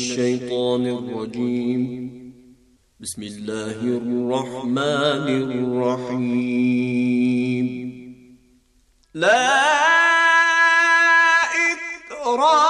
الشيطان الرجيم بسم الله الرحمن الرحيم لا إكراه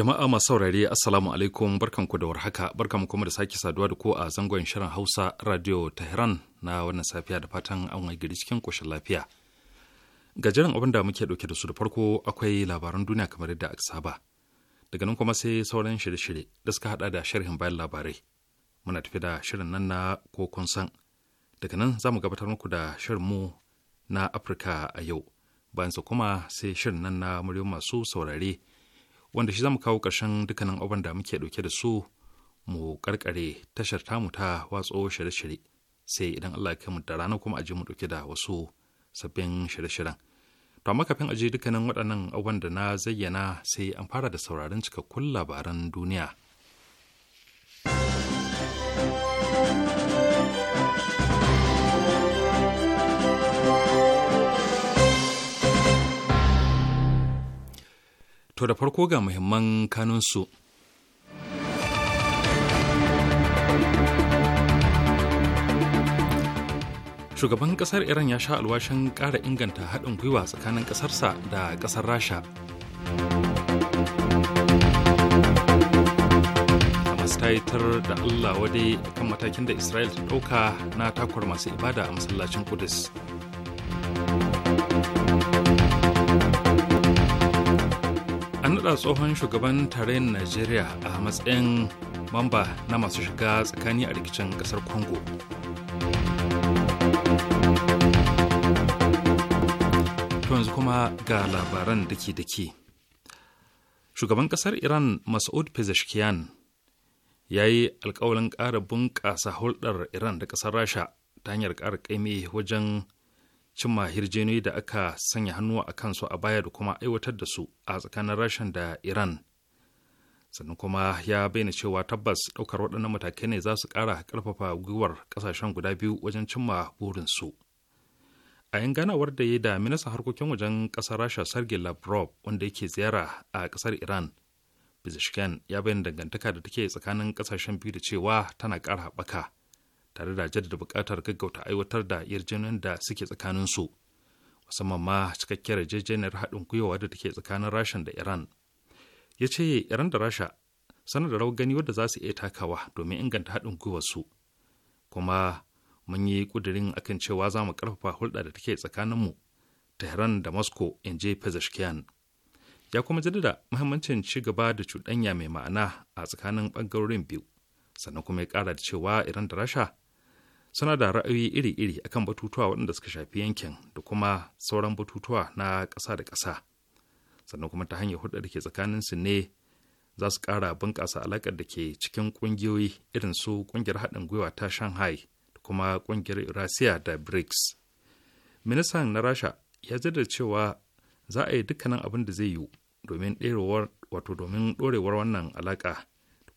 Jama'a masu saurare Assalamu alaikum barkanku da warhaka barkanku kuma da sake saduwa da ku a zangon shirin Hausa Radio Tehran na wannan safiya da fatan an waye gari cikin koshin lafiya. Gajeren abin da muke dauke da su da farko akwai labaran duniya kamar yadda aka saba. Daga nan kuma sai sauran shirye-shirye da suka hada da sharhin bayan labarai. Muna tafi da shirin nan na ko kun san. Daga nan za mu gabatar muku da shirin mu na Afirka a yau. Bayan kuma sai shirin nan na muryoyin masu saurare. wanda shi zamu kawo ƙarshen dukkanin abin da muke ɗauke da su mu karkare tashar tamu ta watso shirye-shirye sai idan Allah ya mu da rana kuma aje mu ɗauke da wasu sabbin shirye-shiryen. To amma kafin aje dukkanin waɗannan abubuwan da na zayyana sai an fara da sauraron cikakkun labaran duniya. To da farko ga muhimman kanunsu. Shugaban ƙasar Iran ya sha alwashin ƙara inganta haɗin gwiwa tsakanin ƙasarsa da ƙasar Rasha. Hamas da Allah wadai kan matakin da Isra'il ta ɗauka na takwar masu ibada a masallacin Kudus. an naɗa tsohon shugaban tarayyar najeriya a matsayin mamba na masu shiga tsakani a rikicin ƙasar congo yanzu kuma ga labaran dake-dake shugaban ƙasar iran masoud pezeshkian ya yi alkawalin ƙara bunƙasa hulɗar iran da ƙasar rasha ta hanyar ƙara ƙaimi wajen cimma hirjeni da aka sanya hannu a kansu a baya da kuma aiwatar da su a tsakanin rashin da iran sannan kuma ya bayyana cewa tabbas ɗaukar waɗannan matakai ne za su ƙara ƙarfafa gwiwar ƙasashen guda biyu wajen cimma burinsu a yin ganawar da ya da minista harkokin wajen ƙasar rasha sergei lavrov wanda yake ziyara a ƙasar iran bizishken ya bayyana dangantaka da take tsakanin ƙasashen biyu da cewa tana ƙara haɓaka tare da jaddada buƙatar gaggauta aiwatar da yarjejeniyar da suke tsakaninsu musamman ma cikakkiyar yarjejeniyar haɗin gwiwa da take tsakanin rasha da iran ya ce iran da rasha sana da rawar gani wadda za su iya takawa domin inganta haɗin gwiwarsu kuma mun yi ƙudurin akan cewa za mu ƙarfafa hulɗa da take tsakaninmu tehran da moscow in je pezeshkian ya kuma jaddada muhimmancin ci gaba da cuɗanya mai ma'ana a tsakanin ɓangarorin biyu sannan kuma ya kara da cewa iran da rasha suna da ra'ayoyi iri-iri akan batutuwa waɗanda suka shafi yankin da kuma sauran batutuwa na ƙasa da ƙasa sannan kuma ta hanyar hulɗar da ke tsakanin su ne za su ƙara bunƙasa alaƙar da ke cikin ƙungiyoyi irin su ƙungiyar haɗin gwiwa ta shanghai da kuma ƙungiyar eurasiya da brics ministan na rasha ya jaddada cewa za a yi dukkanin abin da zai yiwu domin ɗorewar wannan alaƙa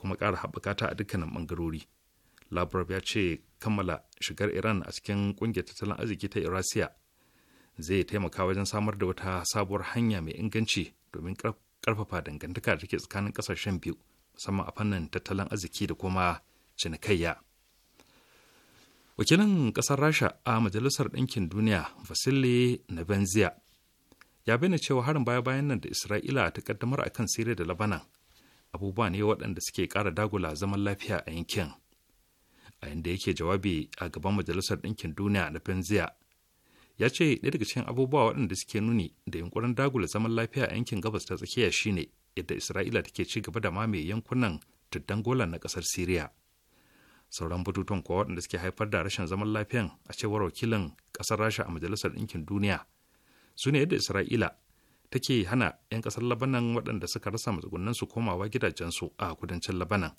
kuma ƙara haɓaka ta a dukkanin ɓangarori lavrov ya ce kammala shigar iran a cikin ƙungiyar tattalin arziki ta irasiya zai taimaka wajen samar da wata sabuwar hanya mai inganci domin ƙarfafa dangantaka da take tsakanin ƙasashen biyu musamman a fannin tattalin arziki da kuma cinikayya wakilin ƙasar rasha a majalisar ɗinkin duniya vasily nabenzia ya bayyana cewa harin baya-bayan nan da isra'ila ta kaddamar akan kan siriya da labanan abubuwa ne waɗanda suke ƙara dagula zaman lafiya a yankin a yadda yake jawabi a gaban majalisar ɗinkin duniya na fenziya ya ce ɗaya daga cikin abubuwa waɗanda suke nuni da yunkurin dagula zaman lafiya a yankin gabas ta tsakiya shine yadda isra'ila take ci gaba da mamaye yankunan tuddan golan na ƙasar siriya sauran bututun kuwa waɗanda suke haifar da rashin zaman lafiyan a cewar wakilin ƙasar rasha a majalisar ɗinkin duniya su ne yadda isra'ila take hana 'yan kasar labanan waɗanda suka rasa matsugunan su komawa gidajensu a kudancin labanan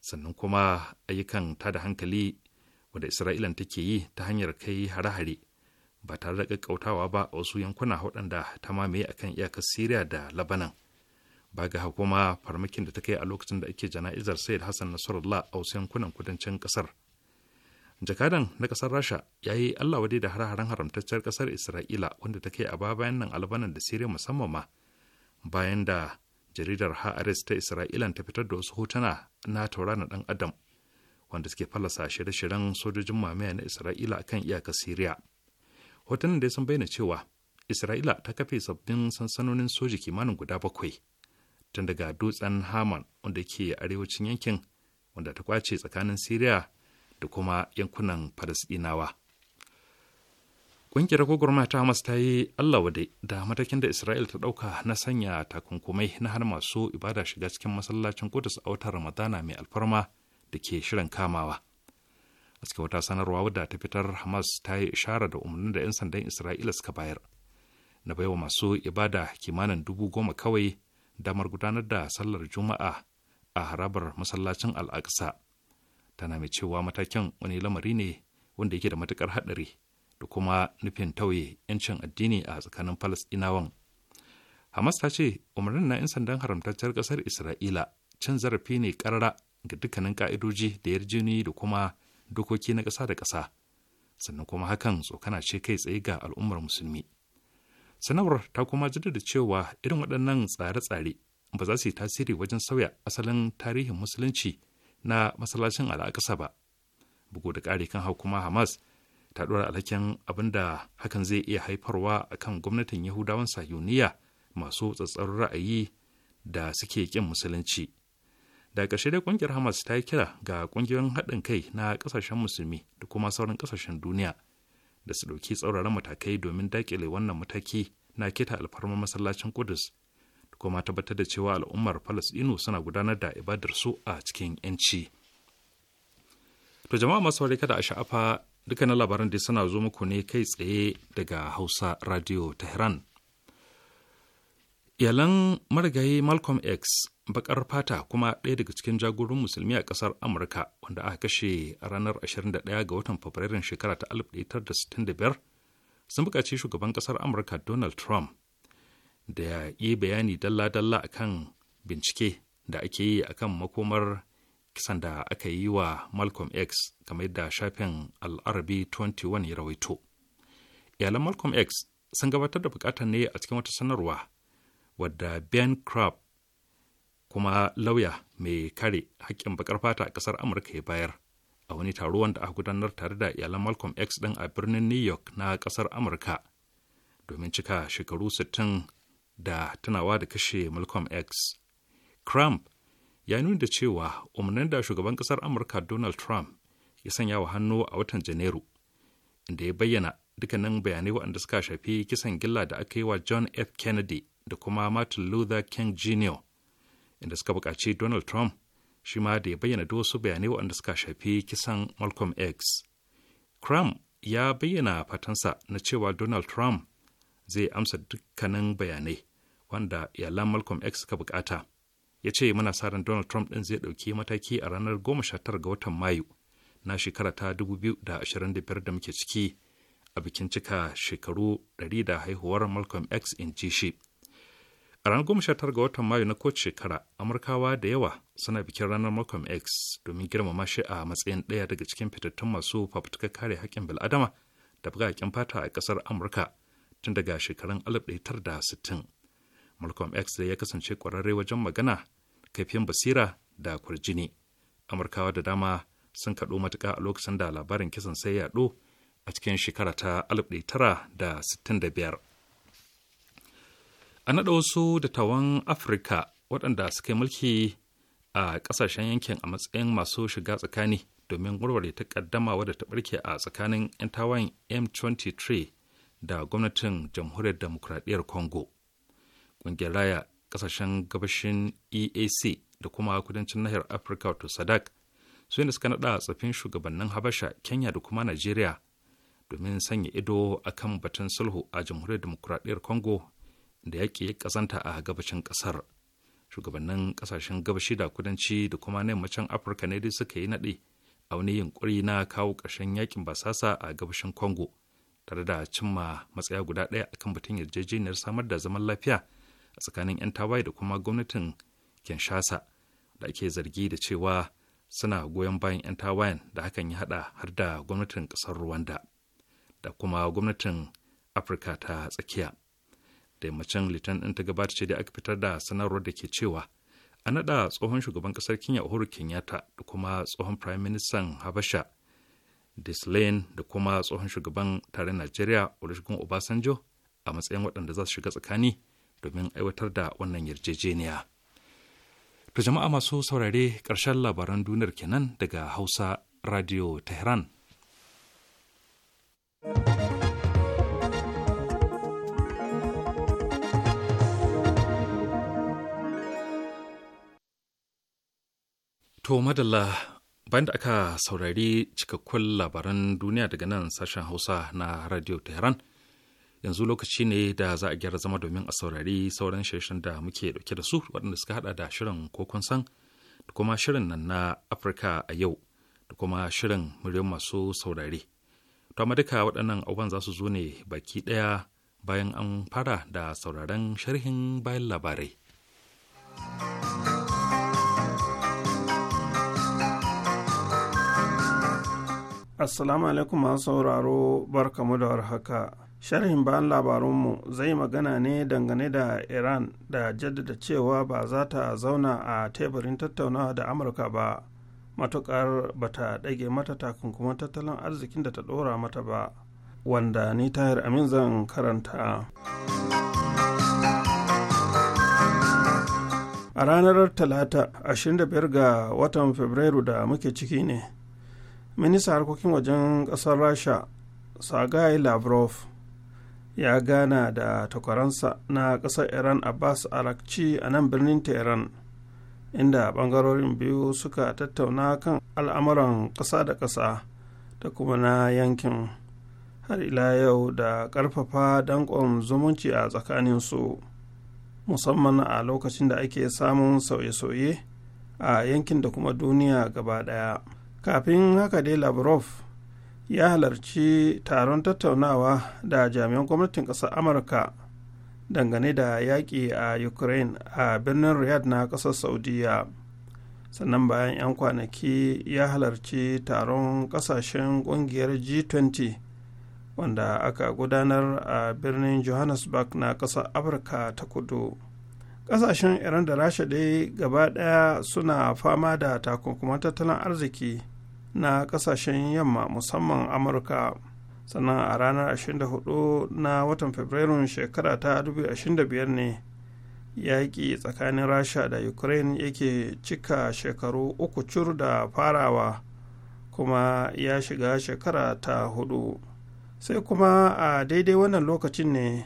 sannan kuma ayyukan ta da hankali wadda isra'ilan take yi ta hanyar kai hare-hare ba tare da ƙaƙƙautawa ba a wasu yankuna waɗanda ta mamaye a kan iyakar siriya da labanan ba ga hakuma farmakin da ta kai a lokacin da ake jana'izar sayyid hassan nasarallah a wasu yankunan kudancin ƙasar jakadan na kasar rasha ya yi allah wadai da har-haren haramtacciyar kasar isra'ila wanda ta kai a ba bayan nan albanan da siriya musamman ma bayan da jaridar ha'aris ta isra'ilan ta fitar da wasu hotuna na tauraron dan adam wanda suke fallasa shirye-shiryen sojojin mamaya na isra'ila kan iyakar siriya hotunan dai sun bayyana cewa isra'ila ta kafe sabbin sansanonin soji kimanin guda bakwai tun daga dutsen haman wanda ke arewacin yankin wanda ta kwace tsakanin siriya da kuma yankunan falasɗinawa ƙungiyar gwagwarmaya ta hamas ta yi allah wade da matakin da isra'il ta ɗauka na sanya takunkumai na har masu ibada shiga cikin masallacin kudus a watan ramadana mai alfarma da ke shirin kamawa a cikin wata sanarwa wadda ta fitar hamas ta yi ishara da umarnin da 'yan sandan isra'ila suka bayar na baiwa masu ibada kimanin dubu goma kawai damar gudanar da sallar juma'a a harabar masallacin al'aqsa tana mai cewa matakin wani lamari ne wanda yake da matukar haɗari da kuma nufin tauye 'yancin addini a tsakanin falasɗinawan hamas ta ce umarnin na 'yan sandan haramtacciyar ƙasar isra'ila cin zarafi ne ƙarara ga dukkanin ƙa'idoji da yarjini da kuma dokoki na ƙasa da ƙasa sannan kuma hakan tsokana ce kai tsaye ga al'ummar musulmi sanarwar ta kuma jaddada cewa irin waɗannan tsare-tsare ba za su yi tasiri wajen sauya asalin tarihin musulunci na masallacin al'aƙasa ba bugu da ƙari kan hau kuma hamas ta ɗora alhakin abin da hakan zai iya haifarwa a kan gwamnatin yahudawan sayuniya masu tsatsar ra'ayi da suke ƙin musulunci da ƙarshe dai ƙungiyar hamas ta yi kira ga ƙungiyoyin haɗin kai na ƙasashen musulmi da kuma sauran ƙasashen duniya da su ɗauki tsauraran matakai domin daƙile wannan mataki na keta alfarmar masallacin kudus da kuma tabbatar da cewa al'ummar Falasɗinu suna gudanar da ibadar su a cikin 'yanci. To jama'a masu wari kada a sha'afa dukkanin labaran da suna zo muku ne kai tsaye daga Hausa Radio Tehran. Iyalan marigayi Malcolm X bakar fata kuma ɗaya daga cikin jagoran musulmi a ƙasar Amurka wanda aka kashe a ranar 21 ga watan Fabrairun shekara ta 1965 sun buƙaci shugaban ƙasar Amurka Donald Trump da ya yi bayani dalla-dalla a kan bincike da ake yi a kan makomar kisan da aka yi wa Malcolm X kamar yadda shafin Al'arabi 21 ya rawaito. Iyalan Malcolm X sun gabatar da bukatar ne a cikin wata sanarwa wadda Ben Crab kuma lauya mai kare haƙƙin bakar fata a ƙasar Amurka ya bayar a wani taro wanda aka gudanar tare da iyalan Malcolm X ɗin a birnin New York na ƙasar Amurka domin cika shekaru 60 da tunawa da kashe Malcolm X. Trump ya nuna da cewa umarnin da shugaban kasar Amurka Donald Trump ya sanya wa hannu a watan Janairu, inda ya bayyana dukkanin bayanai waɗanda suka shafi kisan gilla da aka yi wa John F. Kennedy da kuma Martin Luther King Jr. inda suka buƙaci Donald Trump shi ma da ya bayyana da wasu bayanai waɗanda suka shafi kisan Malcolm X. Trump ya bayyana fatansa na cewa Donald Trump zai amsa dukkanin bayanai wanda iyalan Malcolm X suka bukata. Ya ce muna sa ran Donald Trump ɗin zai ɗauki mataki a ranar 19 ga watan Mayu na shekara ta 2025 da muke ciki a bikin cika shekaru 100 da haihuwar Malcolm X in ji shi. A ranar 19 ga watan Mayu na kowace shekara, Amurkawa da yawa suna bikin ranar Malcolm X domin girmama shi a matsayin ɗaya daga cikin fitattun masu fafutukar kare haƙƙin bil'adama da buga fata a ƙasar Amurka tun daga shekarun 1960. malcolm x da ya kasance kwararre wajen magana kaifin basira da kurjini amurkawa da dama sun kaɗo matuka a lokacin da labarin kisan sai yaɗo a cikin shekara ta 1965 a naɗa wasu dattawan afirka waɗanda suka yi mulki a ƙasashen yankin a matsayin masu shiga tsakani domin warware ta ƙaddamawa wadda ta ɓarke a tsakanin 'yan tawan m23 da gwamnatin jamhuriyar demokuraɗiyyar congo kungiyar raya ƙasashen gabashin eac da kuma kudancin nahiyar afirka wato sadak su ne suka naɗa tsafin shugabannin habasha kenya da kuma najeriya domin sanya ido a kan batun sulhu a jamhuriyar demokuraɗiyyar congo da yake ya a gabashin ƙasar shugabannin ƙasashen gabashi da kudanci da kuma na yammacin afirka ne dai suka yi naɗe a wani yunƙuri na kawo ƙarshen yakin basasa a gabashin congo tare da cimma matsaya guda ɗaya akan batun yarjejeniyar samar da zaman lafiya a tsakanin 'yan tawaye da kuma gwamnatin kinshasa da ake zargi da cewa suna goyon bayan 'yan tawayen da hakan ya hada har da gwamnatin kasar rwanda da kuma gwamnatin afirka ta tsakiya da yammacin litan ɗin ta gabata ce da aka fitar da sanarwar da ke cewa a naɗa tsohon shugaban ƙasar kenya uhuru kenyatta da kuma tsohon prime minister habasha dislane da kuma tsohon shugaban tare najeriya olusegun obasanjo a matsayin waɗanda za su shiga tsakani domin aiwatar da wannan yarjejeniya to jama'a masu saurare ƙarshen labaran duniyar kenan daga hausa radio tehran To madalla bayan da aka saurari cikakkun labaran duniya daga nan sashen Hausa na Radio Tehran yanzu lokaci ne da za a gyara zama domin a saurari sauran shirin da muke dauke da su waɗanda suka hada da shirin kokon san da kuma shirin nan na afirka a yau da kuma shirin muryar masu saurari to amma duka waɗannan abubuwan za su zo ne baki ɗaya bayan an fara da sauraron sharhin bayan labarai Assalamu alaikum masu sauraro barkamu da warhaka. sharhin bayan labarunmu zai magana ne dangane da iran da jaddada cewa ba za ta zauna a teburin tattaunawa da amurka ba matukar ba ta ɗage mata takunkuman tattalin arzikin da ta ɗora mata ba wanda ni tahir amin zan karanta a ranar talata 25 ga watan fabrairu da muke ciki ne minista harkokin wajen ƙasar rasha sagai lavrov ya gana da takwaransa na ƙasar iran abbas arakci a nan birnin tehran inda ɓangarorin biyu suka tattauna kan al'amuran ƙasa da ƙasa da kuma na yankin har ila yau da ƙarfafa danƙon zumunci a tsakanin su musamman a lokacin da ake samun sauye-sauye a yankin da kuma duniya gaba ɗaya kafin haka dai lavrov ya halarci taron tattaunawa da jami'an gwamnatin ƙasar amurka dangane da yaƙi a ukraine a birnin riyadh na ƙasar saudiya sannan bayan 'yan kwanaki ya halarci taron ƙasashen ƙungiyar g20 wanda aka gudanar a birnin johannesburg na ƙasar afirka ta kudu ƙasashen iran da rasha dai gaba ɗaya suna fama da takunkuman tattalin arziki na kasashen yamma musamman amurka sannan a ranar 24 na watan fabrairun shekara ta 2025 ne yaƙi tsakanin rasha da ukraine yake cika shekaru uku cur da farawa kuma ya shiga shekara ta hudu sai kuma a daidai wannan lokacin ne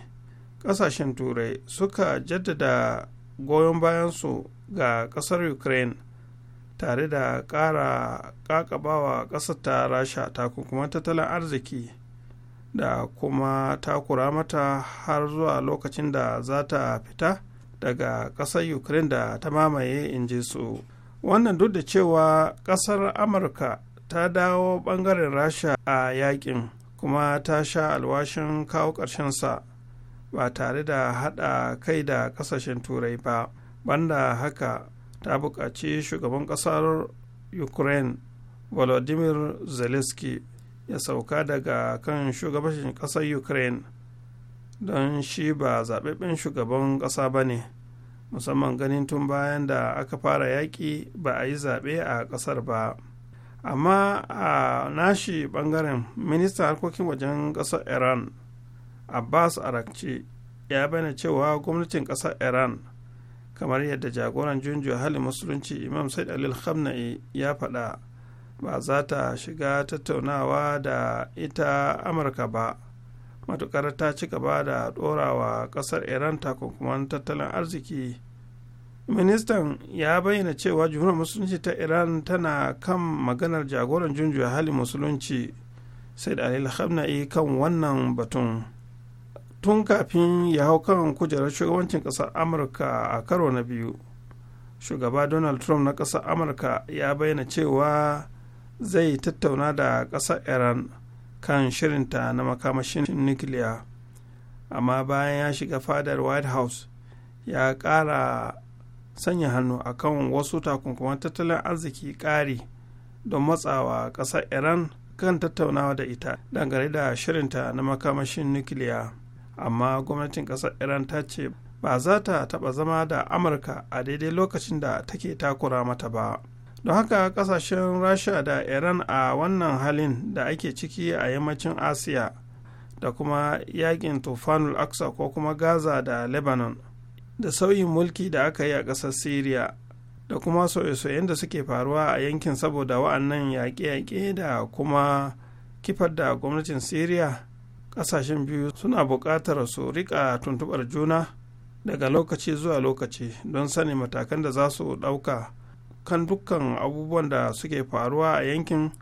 ƙasashen turai suka jaddada goyon bayansu ga ƙasar ukraine tare da ƙara ƙaƙabawa ƙasar ta rasha kuma tattalin arziki da kuma takura mata har zuwa lokacin da za ta fita daga ƙasar ukraine da ta mamaye in ji su wannan duk da cewa ƙasar amurka ta dawo ɓangaren rasha a yakin kuma ta sha alwashin kawo ƙarshensa ba tare da haɗa kai da ƙasashen turai ba banda haka ta buƙaci shugaban ƙasar ukraine volodymyr zelensky ya sauka daga kan shugabancin ƙasar ukraine don shi ba zaɓaɓɓen shugaban ƙasa ba ne musamman ganin tun bayan da aka fara yaƙi ba a yi zaɓe a ƙasar ba amma a nashi ɓangaren ministan harkokin wajen ƙasar iran abbas arakci ya bayyana cewa gwamnatin ƙasar iran kamar yadda jagoran junjo halin musulunci imam said alil khamna'i ya faɗa ba za ta shiga tattaunawa da ita amurka ba matukar ta ci gaba da ɗorawa ƙasar iran takunkuman tattalin arziki ministan ya bayyana cewa jumhuriyar musulunci ta iran tana kan maganar jagoran junjo halin musulunci said alil khamna'i kan wannan batun. tun kafin ya hau kan kujerar shugabancin ƙasar amurka a karo na biyu shugaba donald trump na ƙasar amurka ya bayyana cewa zai tattauna da ƙasar iran kan shirinta na makamashin nukiliya amma bayan ya shiga fadar white house ya kara sanya hannu a kan wasu takunkuman tattalin arziki ƙari don matsawa ƙasar iran kan tattaunawa da ita dangane da shirinta na makamashin nukiliya amma gwamnatin ƙasar iran ta ce ba za ta taɓa zama da amurka a daidai lokacin da take takura mata ba don haka ƙasashen rasha da iran a wannan halin da ake ciki a yammacin asiya da kuma yakin tufanul aksa ko kuma gaza da lebanon da sauyin mulki da aka yi a ƙasar syria da kuma soye-soyen da suke faruwa a yankin saboda wa'annan yaƙe-yaƙe da kuma kifar da gwamnatin syria ƙasashen biyu suna buƙatar su riƙa tuntuɓar juna daga lokaci zuwa lokaci don sani matakan da za su ɗauka kan dukkan abubuwan da suke faruwa a yankin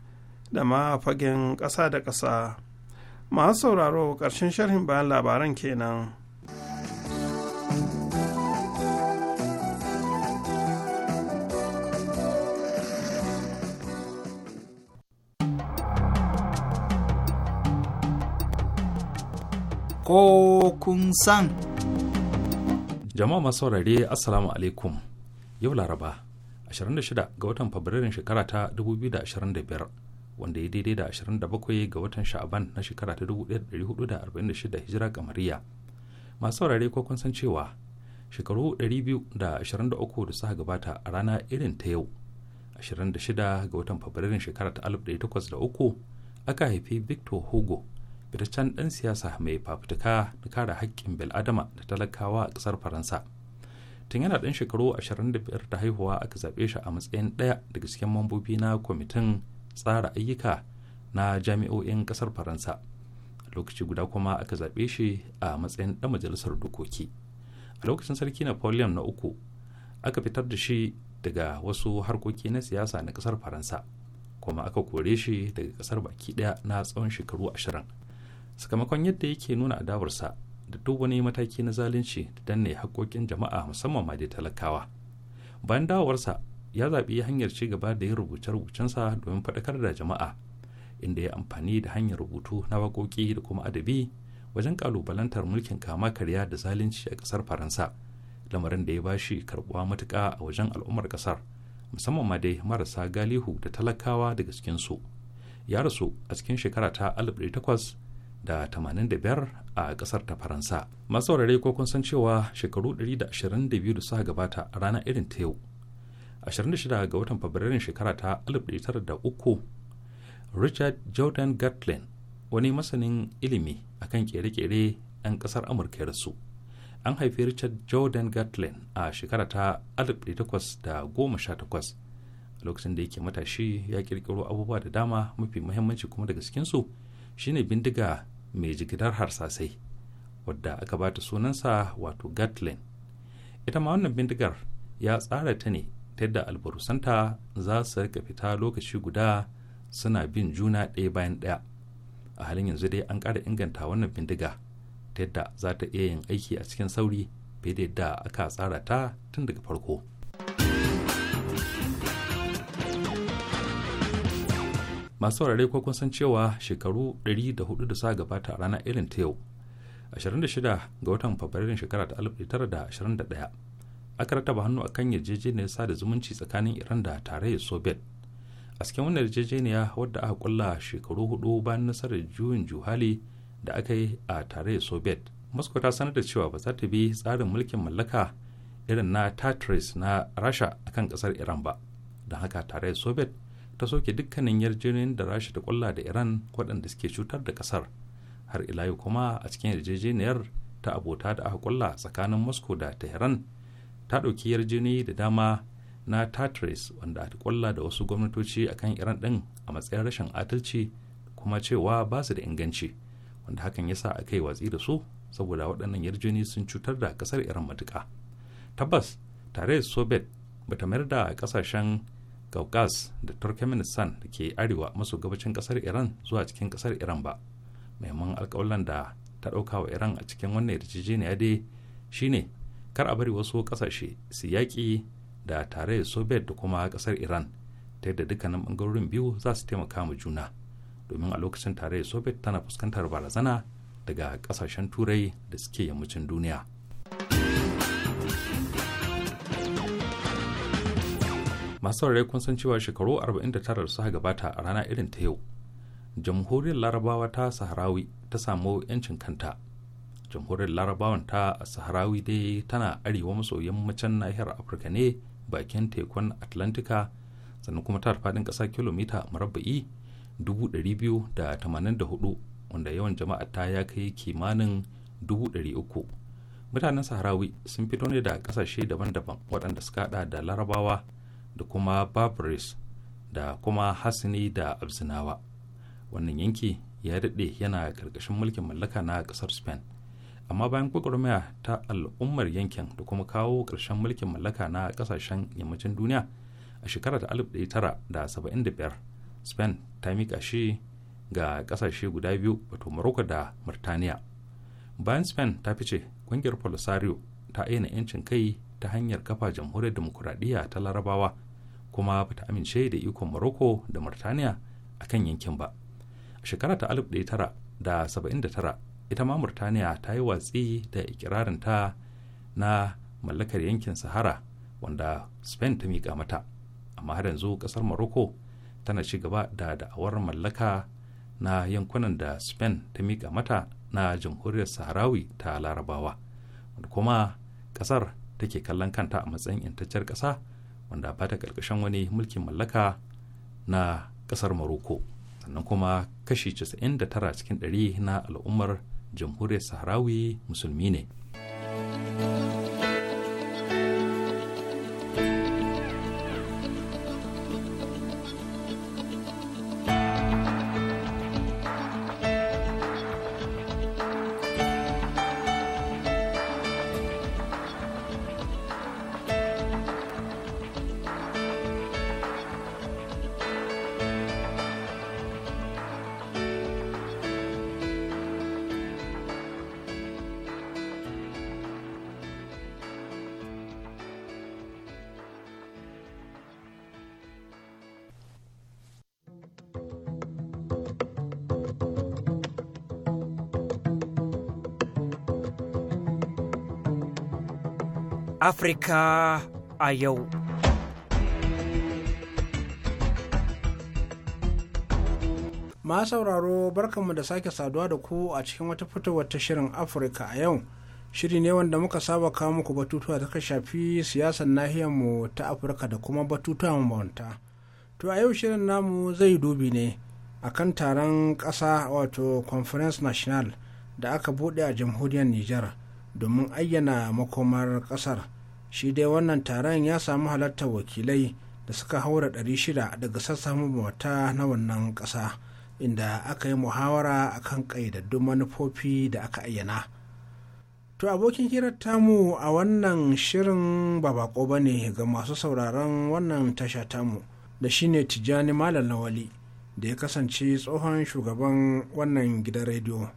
da ma fagen ƙasa da ƙasa masu sauraro ƙarshen sharhin bayan labaran kenan. ko kun san. Jama'a masu saurare Assalamu alaikum. Yau Laraba, 26 ga watan Fabrairun shekara ta 2025, wanda ya daidai da 27 ga watan Sha'aban na shekara ta 1446 Hijira Kamariya. Masu saurare ko kun san cewa shekaru 223 da suka gabata a rana irin ta yau, 26 ga watan Fabrairun shekara ta 1803 aka haifi Victor Hugo fitaccen ɗan siyasa mai fafutuka da kare haƙƙin bil'adama da talakawa a ƙasar faransa tun yana ɗan shekaru 25 da haihuwa aka zaɓe shi a matsayin ɗaya daga cikin mambobi na kwamitin tsara ayyuka na jami'o'in ƙasar faransa lokaci guda kuma aka zaɓe shi a matsayin ɗan majalisar dokoki a lokacin sarki napoleon na uku aka fitar da shi daga wasu harkoki na siyasa na ƙasar faransa kuma aka kore shi daga ƙasar baki ɗaya na tsawon shekaru ashirin sakamakon yadda yake nuna adawarsa da duk wani mataki na zalunci da danne haƙoƙin jama'a musamman ma dai talakawa bayan dawowarsa ya zaɓi hanyar ci gaba da yin rubuce-rubucensa domin faɗakar da jama'a inda ya amfani da hanyar rubutu na waƙoƙi da kuma adabi wajen ƙalubalantar mulkin kama karya da zalunci a ƙasar faransa lamarin da ya ba shi karɓuwa matuƙa a wajen al'ummar ƙasar musamman ma dai marasa galihu da talakawa daga su ya rasu a cikin shekara ta 1800 da 85 a kasar ta faransa masu saurare ko kun san cewa shekaru 122 da suka gabata a ranar irin ta yau 26 ga watan fabrairun shekara ta 1903 richard jordan gatlin wani masanin ilimi akan kere-kere 'yan kasar amurka ya rasu an haifi richard jordan gatlin a shekara ta 1818 lokacin da yake matashi ya kirkiro abubuwa da dama mafi muhimmanci kuma daga cikinsu shine bindiga mai jigidar harsasai wadda aka ba ta sunansa wato gatlin ita ma wannan bindigar ya tsara ta ne ta yadda albarusanta za su rika fita lokaci guda suna bin juna ɗaya bayan ɗaya a halin yanzu dai an ƙara inganta wannan bindiga ta yadda za ta iya yin aiki a cikin sauri fiye da aka tsara ta tun daga farko. masu saurare ko kun san cewa shekaru 104 da sa gabata a rana irin ta yau 26 ga watan fabrairun shekara ta 1921 aka rataba hannu akan yarjejeniyar sada zumunci tsakanin iran da tarayyar soviet a cikin wannan yarjejeniya wadda aka kulla shekaru hudu bayan nasarar juyin juhali da aka yi a tarayyar soviet moscow ta sanar da cewa ba za ta bi tsarin mulkin mallaka irin na tatris na rasha akan kasar iran ba don haka tarayyar soviet ta soke dukkanin yarjejeniyar da rasha ta kulla da iran waɗanda suke cutar da ƙasar har ila yau kuma a cikin yarjejeniyar ta abota da aka kulla tsakanin moscow da tehran ta ɗauki yarjejeniyar da dama na tatris wanda aka kulla da wasu gwamnatoci akan iran ɗin a matsayin rashin adalci kuma cewa ba su da inganci wanda hakan ya sa aka yi watsi da su saboda waɗannan yarjejeniyar sun cutar da ƙasar iran matuƙa tabbas tare da soviet bata mayar da ƙasashen kaukas da turkmenistan da ke arewa maso gabacin kasar iran zuwa cikin kasar iran ba maimakon alkawalan da ta ɗauka wa iran a cikin wannan yarjejeniya dai shine kar a bari wasu ƙasashe su yaƙi da tarayyar soviet da kuma kasar iran ta yadda dukkanin ɓangarorin biyu za su taimaka ma juna domin a lokacin tarayyar soviet tana fuskantar barazana daga ƙasashen turai da suke yammacin duniya. masu saurare kun san cewa shekaru 49 suka gabata a rana irin ta yau jamhuriyar larabawa ta saharawi ta samu 'yancin kanta jamhuriyar larabawan ta saharawi dai tana arewa maso yammacin nahiyar afirka ne bakin tekun atlantika sannan kuma ta faɗin ƙasa kilomita murabba'i 284 wanda yawan jama'a ta ya kai kimanin 300 mutanen saharawi sun fito ne da kasashe daban-daban waɗanda suka da larabawa da kuma barbaris da kuma hassani da abzinawa wannan yanki ya daɗe yana ƙarƙashin mulkin mallaka na ƙasar spain amma bayan gwagwarmaya ta al'ummar yankin da kuma kawo ƙarshen mulkin mallaka na ƙasashen yammacin duniya a shekarar 1975 spain ta miƙa shi ga ƙasashe guda biyu wato morocco da murtaniya bayan spain ta fice ƙungiyar polisario ta aina 'yancin kai ta hanyar kafa jamhuriyar demokuraɗiyya ta larabawa kuma ba ta amince da ikon morocco da murtaniya a kan yankin ba a shekara ta 1979 ita ma murtaniya ta yi watsi da ikirarin ta na mallakar yankin sahara wanda spain ta miƙa mata amma har yanzu ƙasar morocco tana ci gaba da da'awar mallaka na yankunan da spain ta miƙa mata na jamhuriyar saharawi ta larabawa kuma ƙasar take kallon kanta a matsayin intacciyar ƙasa wanda ba ta ƙarƙashin wani mulkin mallaka na ƙasar maroko Sannan kuma kashi 99 cikin 100 na al'ummar jamhuriyar saharawi musulmi ne. Afirka a yau. Ma sauraro barkanmu da sake saduwa da ku a cikin wata fitowar ta shirin Afirka a yau. Shiri ne wanda muka saba kawo muku batutuwa da ka shafi siyasar nahiyarmu ta Afirka da kuma batutuwa mabawanta To a yau shirin namu zai dubi ne a kan taron ƙasa wato Conference National da aka buɗe a jamhuriyar Nijar domin ayyana makomar ƙasar. shi dai wannan taron ya samu halartar wakilai da suka haura 600 daga sassan mabata na wannan ƙasa inda aka yi muhawara akan ƙaidaddun manufofi da aka ayyana to abokin hirar tamu a wannan shirin ba bako ba ne ga masu sauraron wannan tasha tamu da shine tijjani malam lawali da ya kasance tsohon shugaban wannan gidan rediyo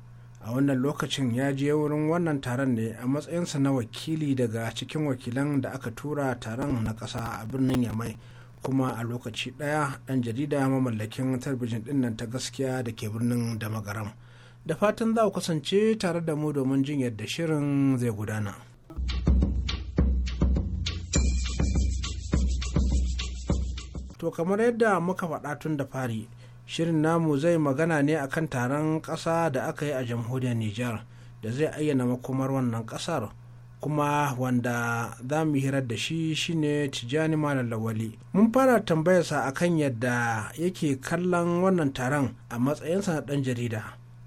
a wannan lokacin ya je wurin wannan taron ne a matsayinsa na wakili daga cikin wakilan da aka tura taron na ƙasa a birnin yamai kuma a lokaci ɗaya ɗan jarida mamallakin talbijin ɗinnan ta gaskiya da ke birnin da da fatan za ku kasance tare da mu domin jin yadda shirin zai gudana. To kamar yadda muka faɗa tun da fari shirin namu zai magana ne akan taron ƙasa da aka yi a jamhuriyar Nijar da zai ayyana makomar wannan ƙasar kuma wanda za mu hirar da shi shine Tijjani Malam Lawali. Mun fara tambayarsa akan yadda yake kallon wannan taron a matsayinsa na ɗan jarida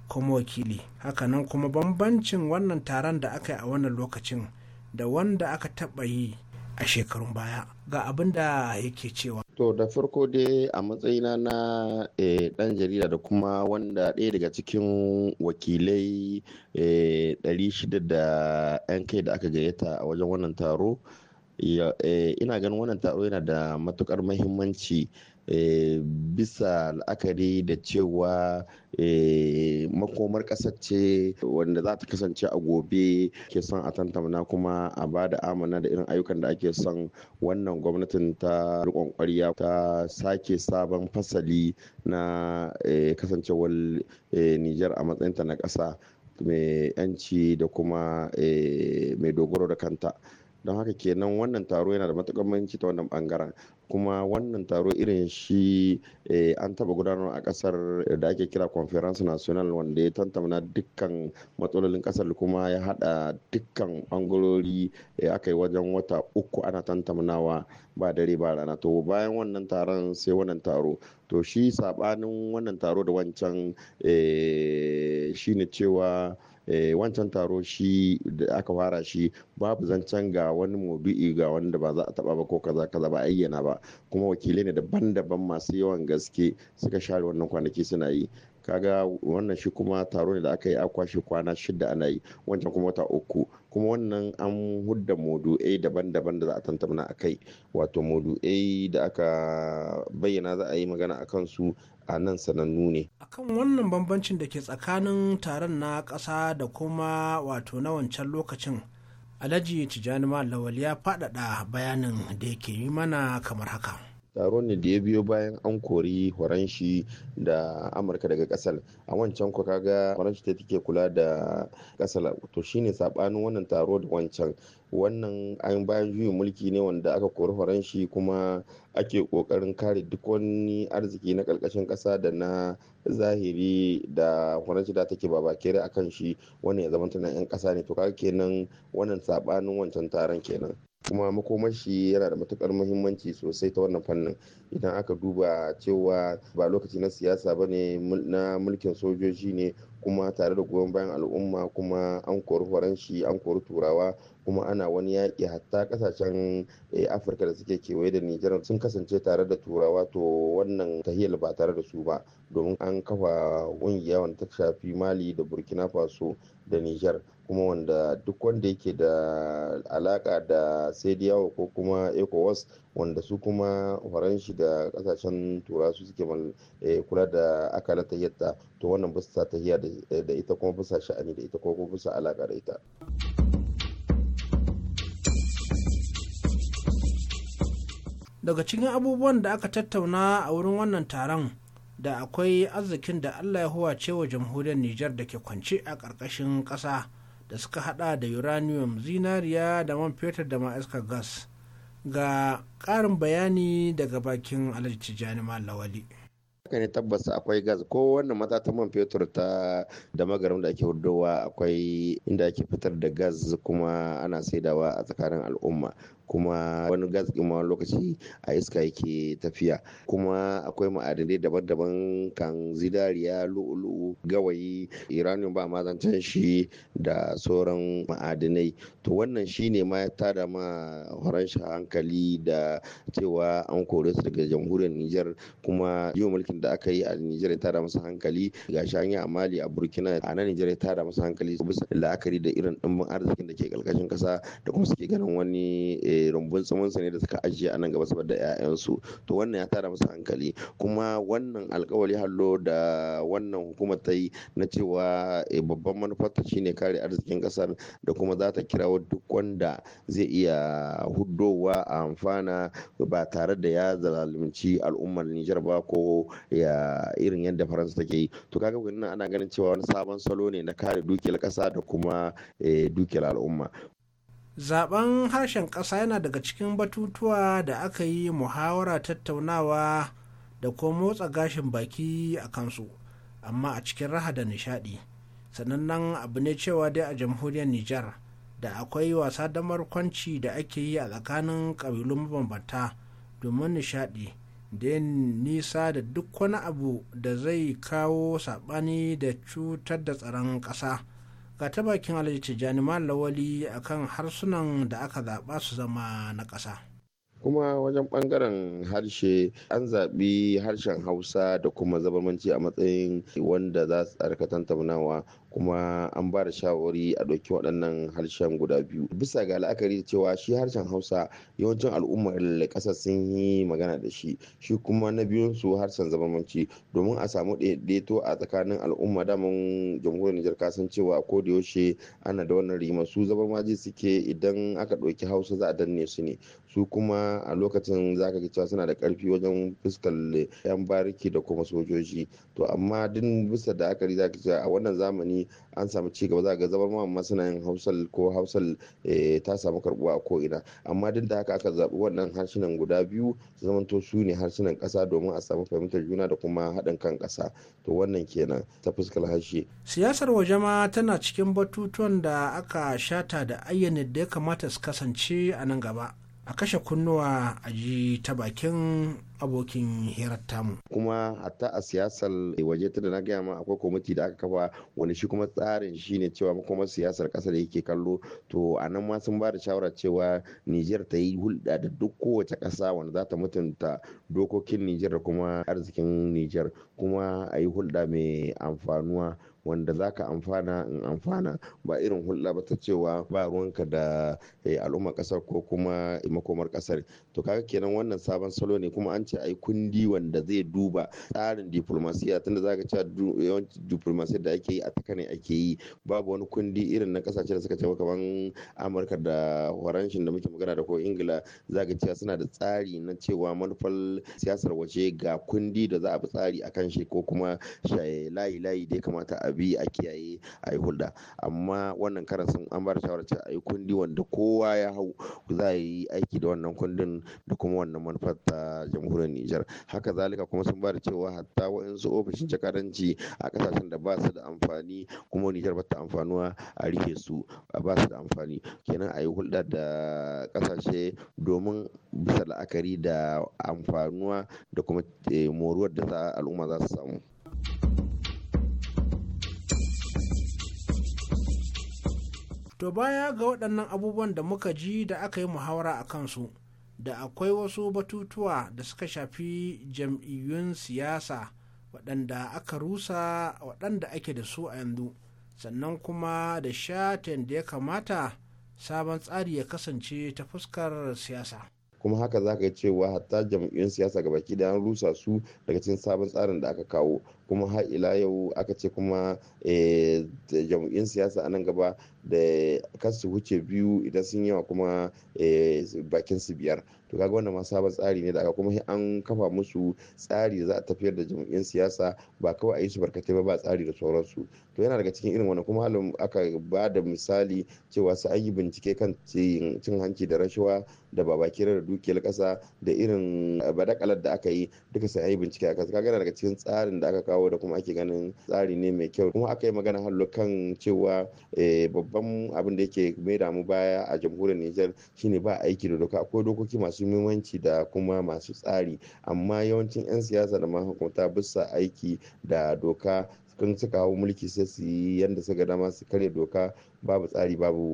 kuma wakili. Hakanan kuma bambancin wannan taron da aka yi a wannan lokacin da wanda aka taɓa yi a shekarun baya ga abin da yake cewa. To da farko dai a matsayina na eh, ɗan jarida da kuma wanda ɗaya daga cikin wakilai 600 eh, 'yan kai da aka gayyata a wajen wannan taro, eh, ina ganin wannan taro yana da matukar mahimmanci. Eh, bisa la'akari da cewa eh, makomar ƙasar ce wanda za ta kasance a gobe ke son a tantamna kuma a ba da amana da irin ayyukan da ake son wannan gwamnatin ta rikon kwarya ta sake sabon fasali na eh, kasancewar nijar a matsayinta na ƙasa mai 'yanci da kuma mai dogaro da kanta don haka kenan wannan taro yana da matukar muhimmanci ta wannan bangaren kuma wannan taro irin shi eh, an taba gudanar a kasar da ake kira conference national wanda ya tantamna dukkan matsalolin kasar kuma ya hada dukkan bangarori eh, aka yi wajen wata uku ana tantamnawa ba dare ba rana to bayan wannan taron sai wannan taro to shi sabanin wannan taro da wancan eh, shine cewa Eh, wancan taro shi da aka fara shi babu zancen ga wani maudu'i ga wanda ba za a taba ba ko kaza kaza ba ayyana ba kuma wakilai ne daban-daban masu yawan gaske suka share wannan kwanaki suna yi kaga wannan shi kuma taro ne da aka yi akwashe kwana shida ana yi wancan kuma wata uku kuma wannan an hudda modu'ai daban-daban da za a tantamna a kai wato modu'ai da aka bayyana za a yi magana a su a nan sanannu ne akan wannan bambancin da ke tsakanin taron na ƙasa da kuma wato na wancan lokacin alhaji tijjani lawal ya faɗaɗa bayanin da yake yi mana kamar haka taro ne da ya biyo bayan an kori horanshi da amurka daga kasar a wancan ku kaga horanshi ta take kula da kasar to shine sabanin wannan taro da wancan wannan an bayan juyin mulki ne wanda aka kori horanshi kuma ake kokarin kare duk wani arziki na karkashin kasa da na zahiri da horanshi da take ba bakere akan shi wannan ya zama tunan yan kasa ne to kaga kenan wannan sabanin wancan taron kenan kuma makomashi yana da matukar muhimmanci sosai ta wannan fannin idan aka duba cewa ba lokaci na siyasa ba ne na mulkin sojoji ne kuma tare da goyon bayan al'umma kuma an kori faranshi an kori turawa kuma ana wani yaƙi hatta kasashen eh, afirka da suke kewaye da nijar sun kasance tare da turawa to wannan tahiyar ba tare da su ba domin an kafa ƙungiya wanda ta shafi mali da burkina faso da nijar kuma wanda duk wanda yake da alaka da sediyawa ko kuma ecowas wanda su kuma faranshi da kasashen tura su suke eh, kula da akalar yadda to wannan bisa tahiyya da ita kuma bisa sha'ani da ita ko bisa alaka da ita. daga cikin abubuwan da aka tattauna a wurin wannan taron da akwai arzikin da allah ya huwace wa jamhuriyar niger da ke kwance a ƙarƙashin ƙasa da suka hada da uranium zinariya da man fetur da ma'aikar gas ga ƙarin bayani daga bakin alhaji jani lawali. haka ne tabbas akwai gas ko wannan ta man fetur ta da magarin da ake hudowa akwai inda ake fitar da gas kuma ana saidawa a tsakanin al'umma kuma wani gas ɗin ma lokaci a iska yake tafiya kuma akwai ma'adanai daban-daban kan zidariya lu'ulu'u gawayi iranium ba ma zancen shi da sauran ma'adanai to wannan shine ma ya tada ma faransa hankali da cewa an kore su daga jamhuriyar niger kuma yiwu mulkin da aka yi a niger ya tada masa hankali ga shi yi a mali a burkina a nan niger ya tada masa hankali bisa la'akari da irin ɗimbin arzikin da ke ƙarƙashin kasa da kuma suke ganin wani eh, Eh, rumbun sa ne da suka ajiye a nan gaba saboda ƴaƴansu. to wannan ya tara musu hankali kuma wannan alkawari hallo da wannan hukumar ta yi na cewa eh, babban manufarta shine kare arzikin kasar da kuma za ta kirawo duk wanda zai iya hudowa a amfana ba tare da ya zalunci al'ummar Nijar ba ko ya irin yadda Faransa take yi to kaga wannan ana ganin cewa wani sabon salo ne na kare dukiyar kasa da kuma eh, dukiyar al'umma zaben harshen ƙasa yana daga cikin batutuwa da aka yi muhawara tattaunawa da ko motsa gashin baki a kansu amma a cikin raha da nishadi sanannen abu ne cewa dai a jamhuriyar nijar da akwai wasa da markwanci da ake yi a tsakanin ƙabilu mabambanta domin nishadi da nisa da duk wani abu da zai kawo saɓani da cutar da tsaron ƙasa. ga ta bakin alhaji tijjani lawali a kan harsunan da aka zaɓa su zama na ƙasa. kuma wajen ɓangaren harshe an zaɓi harshen hausa da kuma zabarmanci a matsayin wanda za su tsarkatan tantaunawa kuma an ba da shawari a ɗauki waɗannan harshen guda biyu bisa ga la'akari da cewa shi harshen hausa yawancin al'ummar ƙasa sun yi magana da shi shi kuma na biyun su harshen zamanci domin a samu daidaito a tsakanin al'umma daman jamhuriyar nijar kasan cewa ko da yaushe ana da wannan rima su zamanci suke idan aka ɗauki hausa za a danne su ne su kuma a lokacin za ka cewa suna da ƙarfi wajen fuskar yan bariki da kuma sojoji to amma duk bisa da akari zaka cewa a wannan zamani an samu ci gaba za ga zama ma suna yin hausal ko hausal eh, ta samu karbuwa a ko'ina amma duk da haka aka zaɓi wannan harsunan guda biyu su zamanto su ne harsunan ƙasa domin a samu fahimtar juna da kuma haɗin kan ƙasa to wannan kenan ta fuskar harshe. siyasar waje ma tana cikin batutuwan da aka shata da ayyana da ya kamata su kasance a nan gaba. a kashe kunnuwa a ji ta bakin abokin hirar tamu. Kuma hatta a siyasar waje ta da na gaya ma akwai kwamiti da aka kafa wani shi kuma tsarin shi ne cewa kuma siyasar ƙasa da yake kallo to a nan ma sun ba da shawara cewa Nijar ta yi hulɗa da duk kowace ƙasa wanda za ta mutunta dokokin Nijar da kuma arzikin Nijar kuma a yi hulɗa mai amfanuwa wanda za ka amfana in amfana ba irin hulɗa ba ta cewa ba ruwanka da eh, al'ummar ƙasar ko kuma makomar ƙasar to kaga kenan wannan sabon salo ne kuma an ce ai kundi wanda zai duba tsarin diplomasiya tunda za ka ce yawancin diplomasiya da ake yi a taka ne ake yi babu wani kundi irin na ƙasashe da suka ce kaman amurka da faranshin da muke magana da ko ingila za ka ce suna da tsari na cewa manufar siyasar waje ga kundi da za a bi tsari akan shi ko kuma layi layi da ya kamata a bi a kiyaye a yi hulɗa amma wannan karan sun an bar shawarar cewa a yi kundi wanda kowa ya hau za a yi aiki da wannan kundin da kuma wannan manufar ta jamhuriyar Nijar haka zalika kuma sun bar cewa hatta waɗansu ofishin jakadanci a ƙasashen da ba su da amfani kuma Nijar ba ta amfanuwa a rike su ba su da amfani kenan a yi hulɗa da ƙasashe domin bisa la'akari da amfanuwa da kuma eh, moruwar da za al'umma za su samu. to baya ga waɗannan abubuwan da muka ji da aka yi muhawara a kansu da akwai wasu batutuwa da suka shafi jam'iyyun siyasa waɗanda aka rusa waɗanda ake da su a yanzu sannan kuma da shatin da ya kamata sabon tsari ya kasance ta fuskar siyasa kuma haka za ka cewa hatta jam'iyyun siyasa ga baki da an rusa su daga cikin sabon tsarin da aka kawo kuma har ila yau aka ce kuma eh, jam'iyyun siyasa a nan gaba da kar wuce biyu idan sun yawa kuma eh, bakin su biyar to kaga wannan ma sabon tsari ne da aka kuma an kafa musu tsari da za a tafiyar da jami'an siyasa ba kawai a yi su barkatai ba ba tsari da sauransu to yana daga cikin irin wani kuma halin aka ba da misali cewa su an yi bincike kan cin hanci da rashawa da babakira da dukiyar kasa da irin badakalar da aka yi duka sai an yi bincike a kaga yana daga cikin tsarin da aka kawo da kuma ake ganin tsari ne mai kyau kuma aka yi magana halu kan cewa eh, babban babban abin da yake mai damu baya a jamhuriyar Nijar shine ba aiki da doka akwai dokoki masu muhimmanci da kuma masu tsari amma yawancin 'yan siyasa da mahukunta bisa aiki da doka kan suka hau mulki sai su yi yadda suka dama su karya doka babu tsari babu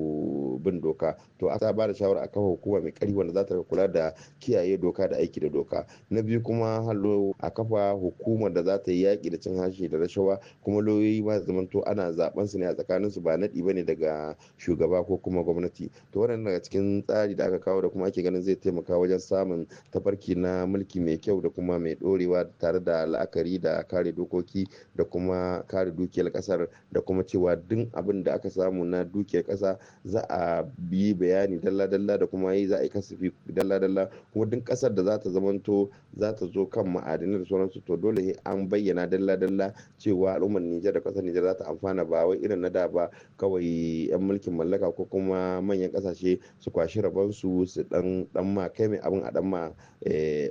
bin doka to a ba da shawara a kafa hukuma mai kari wanda za ta kula da kiyaye doka da aiki da doka na biyu kuma hallo a kafa hukumar da za ta yi yaƙi da cin hashi da rashawa kuma lauyoyi ma zamanto ana zaben su ne a tsakanin su ba naɗi bane daga shugaba ko kuma gwamnati to wannan daga cikin tsari da aka kawo da kuma ake ganin zai taimaka wajen samun tafarki na mulki mai kyau da kuma mai ɗorewa tare da la'akari da kare dokoki da kuma kare dukiyar ƙasar da kuma cewa duk abin da aka samu na a dukiyar kasa za a yi bayani dalla-dalla da kuma yi za a yi kasafi dalla-dalla kuma duk kasar da za ta zamanto za ta zo kan ma'adanai da sauransu to dole an bayyana dalla-dalla cewa al'ummar Nijar da kasar Nijar za ta amfana ba wai irin na da ba kawai 'yan mulkin mallaka ko kuma manyan kasashe su kwashi rabonsu su dan dan ma kai mai abin a dan ma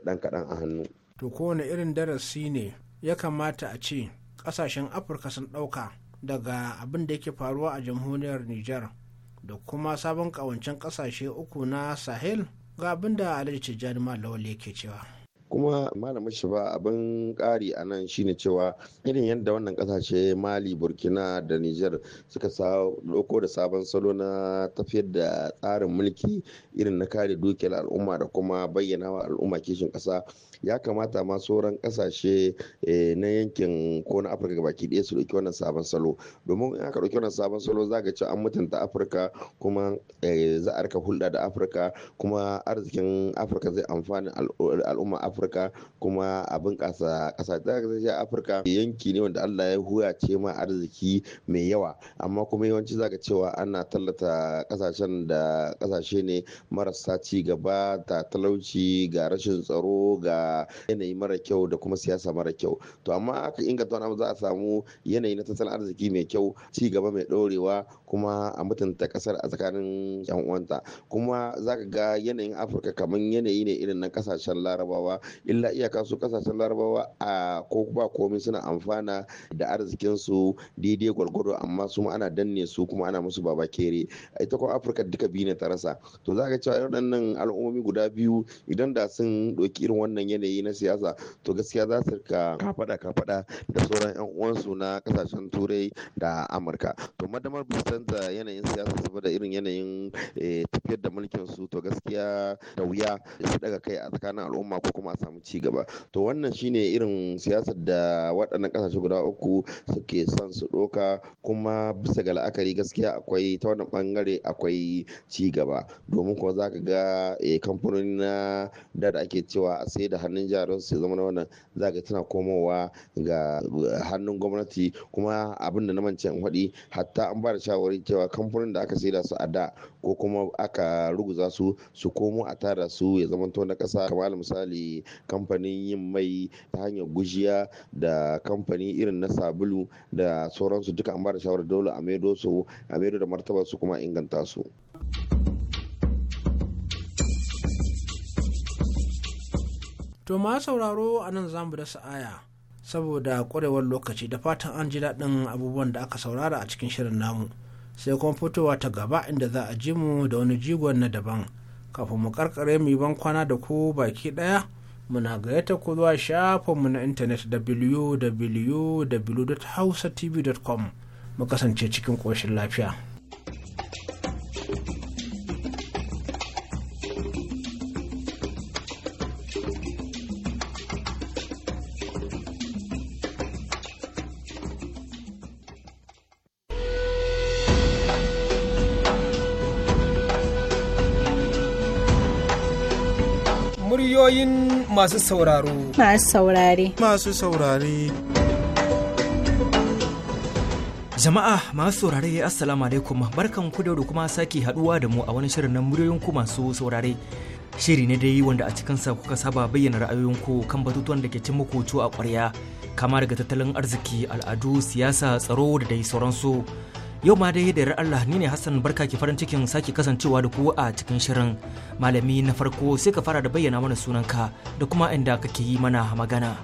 dan eh, kaɗan a hannu. To kowane irin darasi ne ya kamata a ce kasashen Afirka sun ɗauka daga abin da yake faruwa a jamhuriyar nijar da kuma sabon kawancin kasashe uku na sahel ga abin da alhaji tijjani malawal yake cewa kuma malamin shi ba abin ƙari a nan shine cewa irin yadda wannan ƙasashe mali burkina da niger suka loko da sabon salo na tafiyar da tsarin mulki irin na kare dukiyar al'umma da kuma bayyana wa al'umma kishin ƙasa ya kamata ma sauran kasashe eh, na yankin ko na afirka baki ɗaya su ɗauki wannan sabon salo domin in aka ɗauki wannan sabon salo za ka ci an mutunta afirka kuma eh, za a rika hulɗa da afirka kuma arzikin afirka zai amfani al'umma afirka kuma a bunƙasa ƙasa afirka yanki ne wanda allah ya huya ce ma arziki mai yawa amma kuma yawanci za ka cewa ana tallata ƙasashen da ƙasashe ne marasa ci gaba ta talauci ga rashin tsaro ga yanayi mara kyau da kuma siyasa mara kyau to amma aka inganta wani za a samu yanayi na tattalin arziki mai kyau ci gaba mai ɗorewa kuma a mutunta kasar a tsakanin yan uwanta kuma za ka ga yanayin afirka kamar yanayi ne irin na kasashen larabawa illa iyaka su kasashen larabawa a ko ba komai suna amfana da arzikinsu daidai gwargwado amma su ana danne su kuma ana musu baba kere ita kuma afirka duka biyu ne ta rasa to za ka cewa irin al'ummomi guda biyu idan da sun ɗauki irin wannan yanayi yanayi na siyasa to gaskiya za su ka kafada kafada da sauran yan uwansu na kasashen turai da amurka to madamar ba yanayin siyasa saboda irin yanayin eh, tafiyar da mulkin su to gaskiya da wuya su daga kai a tsakanin al'umma ko kuma a samu ci gaba to wannan shine irin siyasar da waɗannan kasashe guda uku suke son su ɗoka kuma bisa ga la'akari gaskiya akwai ta wani bangare akwai ci gaba domin kuma za ka ga eh, kamfanoni na da ake cewa a sai da hannun jarin su zama na wannan za ga tana komowa ga hannun gwamnati kuma abin da na mance in faɗi hatta an bada da cewa kamfanin da aka saida su a da ko kuma aka ruguza su su komo a tara su ya zama to na ƙasa kamar misali kamfanin yin mai ta hanyar gujiya da kamfani irin na sabulu da sauransu duka an ba da shawarar dole a maido su a maido da martaba su kuma inganta su. to ma sauraro a nan za mu da sa'aya saboda ƙwarewar lokaci da fatan an ji daɗin abubuwan da aka saurara a cikin shirin namu sai kuma fitowa ta gaba inda za a ji mu da wani jigon na daban kafin mu karkare mu ban kwana da ku baki ɗaya muna gayyata ku zuwa mu na intanet www.hausatv.com mu kasance cikin ƙoshin lafiya. masu sauraro. Masu saurare. Masu saurare. Jama'a masu saurare Assalamu alaikum barkan ku da kuma sake haduwa da mu a wani shirin na muryoyin ku masu saurare. Shiri ne dai wanda a cikin sa kuka saba bayyana ra'ayoyinku kan batutuwan da ke cin muku a ƙwarya kama daga tattalin arziki, al'adu, siyasa, tsaro da dai sauransu. Yau ma dai da Allah ni ne Hassan barka ke farin cikin sake kasancewa da ku a cikin shirin. Malami na farko sai ka fara da bayyana mana sunanka da kuma inda kake yi mana magana.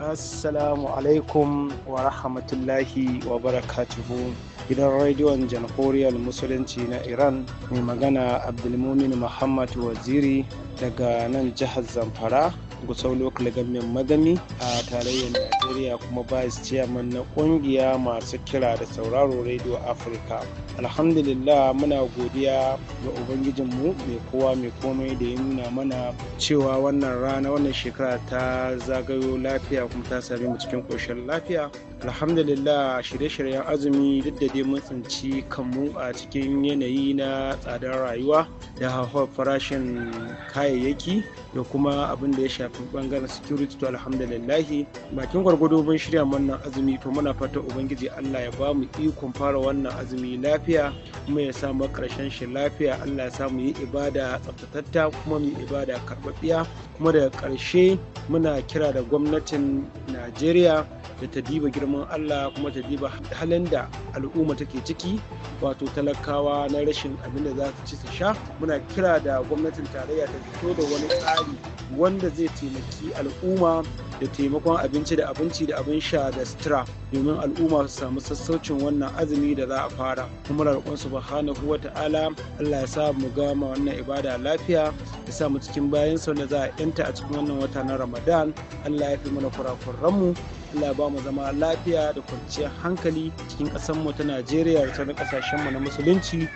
Assalamu alaikum wa rahmatullahi wa barakatuhu. Gidan rediyon Jamhuriyar Musulunci na Iran mai magana Abdulmumin Muhammad Waziri daga nan jihar Zamfara gusau local government magani a tarayyar najeriya kuma vice chairman na kungiya masu kira da sauraro radio africa alhamdulillah muna godiya ga ubangijinmu mai kowa mai komai da ya nuna mana cewa wannan rana wannan shekara ta zagayo lafiya kuma ta same mu cikin koshin lafiya alhamdulillah shirye-shiryen azumi duk da dai mun tsinci kanmu a cikin yanayi na tsadar rayuwa da hauhawar farashin kayayyaki da kuma abin da ya shafi bangaren security to alhamdulillah bakin gwargwado mun shirya wannan azumi to muna fata ubangiji allah ya ba mu ikon fara wannan azumi lafiya kuma ya sa mu karshen shi lafiya allah ya sa mu yi ibada tsaftatatta kuma mu yi ibada karɓaɓɓiya kuma daga karshe muna kira da gwamnatin najeriya da ta diba girman Allah kuma ta diba halin da al'umma take ciki wato talakawa na rashin abin da za su ci su sha muna kira da gwamnatin tarayya ta fito da wani tsari wanda zai taimaki al'umma da taimakon abinci da abinci da abin sha da sutura domin al'umma su samu sassaucin wannan azumi da za a fara kuma su subhanahu wa ta'ala Allah ya sa mu gama wannan ibada lafiya ya sa mu cikin bayan sau da za a yanta a cikin wannan wata na Ramadan Allah ya fi mana kurakuranmu Allah ya ba mu zama lafiya da kwanciyar hankali cikin mu ta Najeriya da sauran mu na musulunci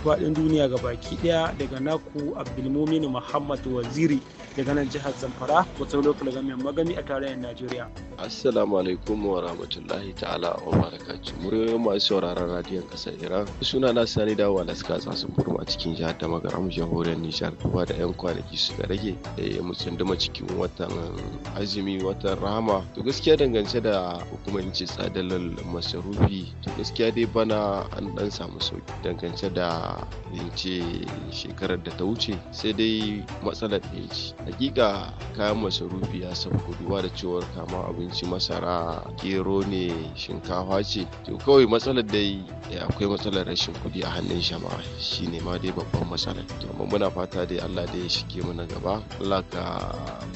faɗin duniya ga baki ɗaya daga naku abdulmumin muhammad waziri daga nan jihar zamfara wata zama zamin magani a tarayyar najeriya assalamu alaikum wa rahmatullahi ta'ala wa barakatuh muryoyin masu sauraron radiyon kasar iran suna na sani da wala suka tsasa burma cikin jihar da magaram jamhuriyar nijar kuma da yan kwanaki suka rage da eh, mu tsunduma cikin watan azumi watan rahama to gaskiya dangance da hukumanci tsadar masarufi to gaskiya dai bana an dan samu sauki dangance da ce shekarar da ta wuce sai dai matsalar ɗaya hakika kayan masarufi ya sauko duba da cewar kama abinci masara gero ne shinkafa ce to kawai matsalar dai eh, akwai matsalar rashin kuɗi a hannun shama ne ma dai babban matsalar to amma muna fata dai Allah dai ya shige mana gaba Allah ka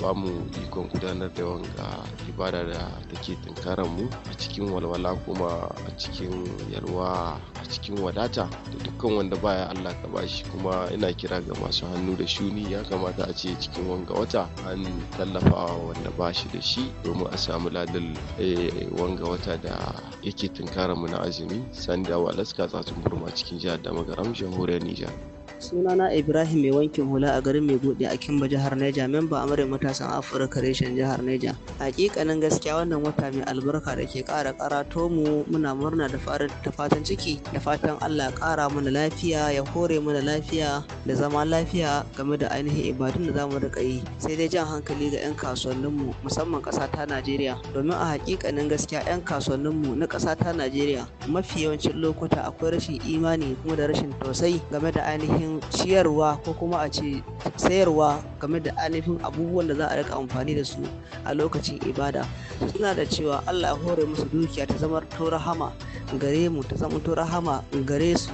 ba mu ikon gudanar da wanga ibada da take tunkaran mu a cikin walwala kuma a cikin yalwa a cikin wadata da dukkan wanda baya Allah ka bashi kuma ina kira ga masu hannu da shuni ya kamata a ce cikin ga wata an tallafawa wanda ba shi da shi domin a samu ladin eh, wanga wata da yake tunkara mu na azumi sanda walaska tsatsun burma cikin jihar damagaram jamhuriyar nijar Sunana Ibrahim mai wankin hula a garin mai buɗe, a Kimba jihar Neja, memba amurin matasan Afirka reshen jihar Neja. Hakikanin gaskiya wannan wata mai albarka da ke ƙara karato mu muna murna da fatan ciki da fatan Allah ƙara mana lafiya ya hore mana lafiya da zama lafiya game da ainihin ibadun da zamu rika yi. Sai dai jan hankali ga 'yan kasuwanninmu musamman ƙasa ta Najeriya domin a hakikanin gaskiya 'yan kasuwanninmu na ƙasa ta Najeriya mafi yawancin lokuta akwai rashin imani kuma da rashin tausayi game da ainihin ainihin ciyarwa ko kuma a ce sayarwa game da ainihin abubuwan da za a rika amfani da su a lokacin ibada suna da cewa Allah ya hore musu dukiya ta zama taurahama gare mu ta zama taurahama gare su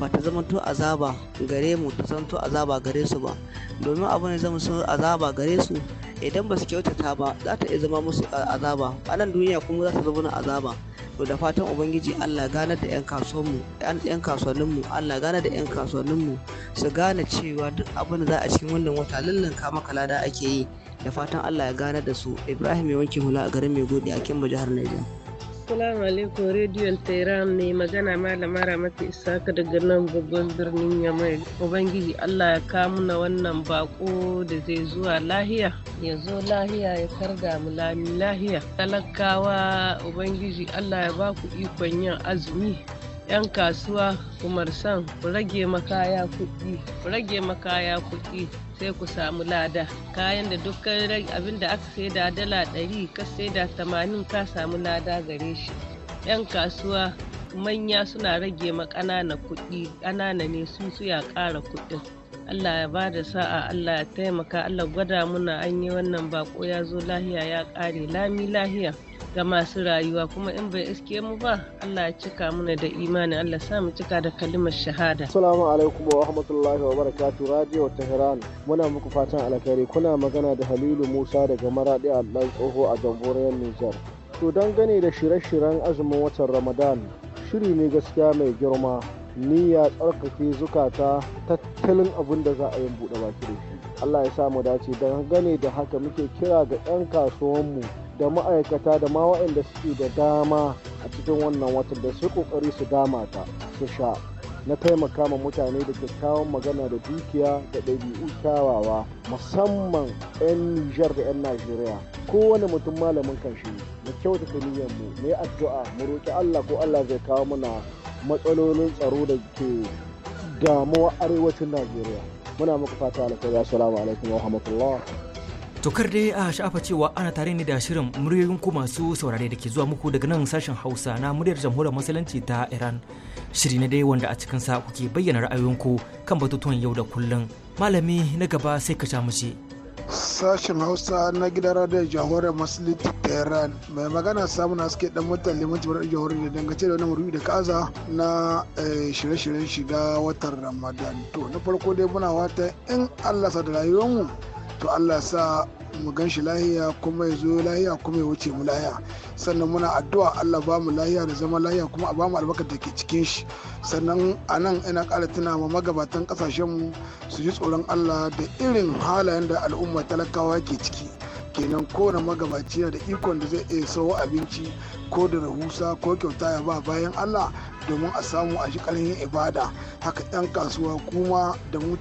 ba ta zamanto azaba gare mu ta zamanto azaba gare su ba domin abu ne zama sun azaba gare su idan ba su kyautata ba za ta zama musu azaba a nan duniya kuma za ta zama na azaba to da fatan ubangiji allah gane da yan kasuwanmu yan kasuwanninmu allah gane da yan kasuwanninmu su gane cewa duk abin da za a cikin wannan wata lallan maka lada ake yi da fatan allah ya gane da su ibrahim ya wanke hula a garin mai gode a kimba jihar niger Assalamu alaikum Radio Tehran ne magana malama Ramatu Isaka daga nan babban birnin Yamai. Ubangiji Allah ya kamuna wannan bako da zai zuwa lahiya. Ya zo lahiya ya karga mu lami lahiya. Talakawa Ubangiji Allah ya baku ikon yin azumi 'yan kasuwa umarsan ku rage makaya kuɗi ku rage makaya kuɗi sai ku samu lada kayan da dukkan abin da aka saida dala ɗari ka da tamanin ka samu lada gare shi 'yan kasuwa manya suna rage ma ƙanana kuɗi ƙanana ne su suya ƙara kuɗin Allah ya ba da sa'a Allah ya taimaka Allah gwada muna an yi wannan bako ya zo lahiya ya ƙare lami lahiya ga masu rayuwa kuma in bai iske mu ba Allah ya cika muna da imani Allah sa mu cika da kalimar shahada Assalamu alaikum wa rahmatullahi wa barakatuh Radio Tehran muna muku fatan alkhairi kuna magana da Halilu Musa daga Maradi Allah tsoho a jamhuriyar Nijar to gane da shirye-shiryen azumin watan Ramadan shiri ne gaskiya mai girma niyya tsarkake zukata tattalin abin da za a yi buɗe baki da shi allah ya sa mu dace don gane da haka muke kira ga 'yan kasuwanmu da ma'aikata da ma waɗanda suke da dama a cikin wannan watan da su ƙoƙari su dama ta su sha na taimaka ma mutane da kyakkyawan magana da dukiya da ɗabi'u kyawawa musamman 'yan nijar da 'yan najeriya kowane mutum malamin kan shi mu kyautata niyyar mu mu yi addu'a mu roƙi allah ko allah zai kawo mana matsalolin tsaro da ke damuwa arewacin najeriya muna muku fata alkhairi assalamu alaikum wa rahmatullah Tokar dai a sha'afa cewa ana tare ne da shirin muryoyin ku masu saurare da ke zuwa muku daga nan sashen Hausa na muryar jamhuriyar musulunci ta Iran. Shiri na dai wanda a cikin sa kuke bayyana ra'ayoyinku kan batutuwan yau da kullum. Malami na gaba sai ka sha mace. sashen hausa na gidan radiyar jamhuriyar musulunci tehran mai magana samu na suke dan mutan limanci bar jamhuriyar da dangace da wani murbi da kaza na eh, shirye-shiryen shiga watan ramadan to na farko dai muna wata in allah sa da rayuwarmu to allah sa mu gan shi lahiya kuma ya zo lahiya kuma ya wuce mu lahiya sannan muna addu'a Allah ba mu lahiya da zama lahiya kuma a ba mu albarkar da ke cikin shi sannan a nan ina ƙara tuna ma magabatan mu su ji tsoron Allah da irin halayen da al'umma talakawa ke ciki kenan kowane magabaci da ikon da zai iya sawo abinci ko da rahusa ko kyauta ya ba bayan Allah domin a samu a yin ibada haka 'yan kasuwa kuma da mu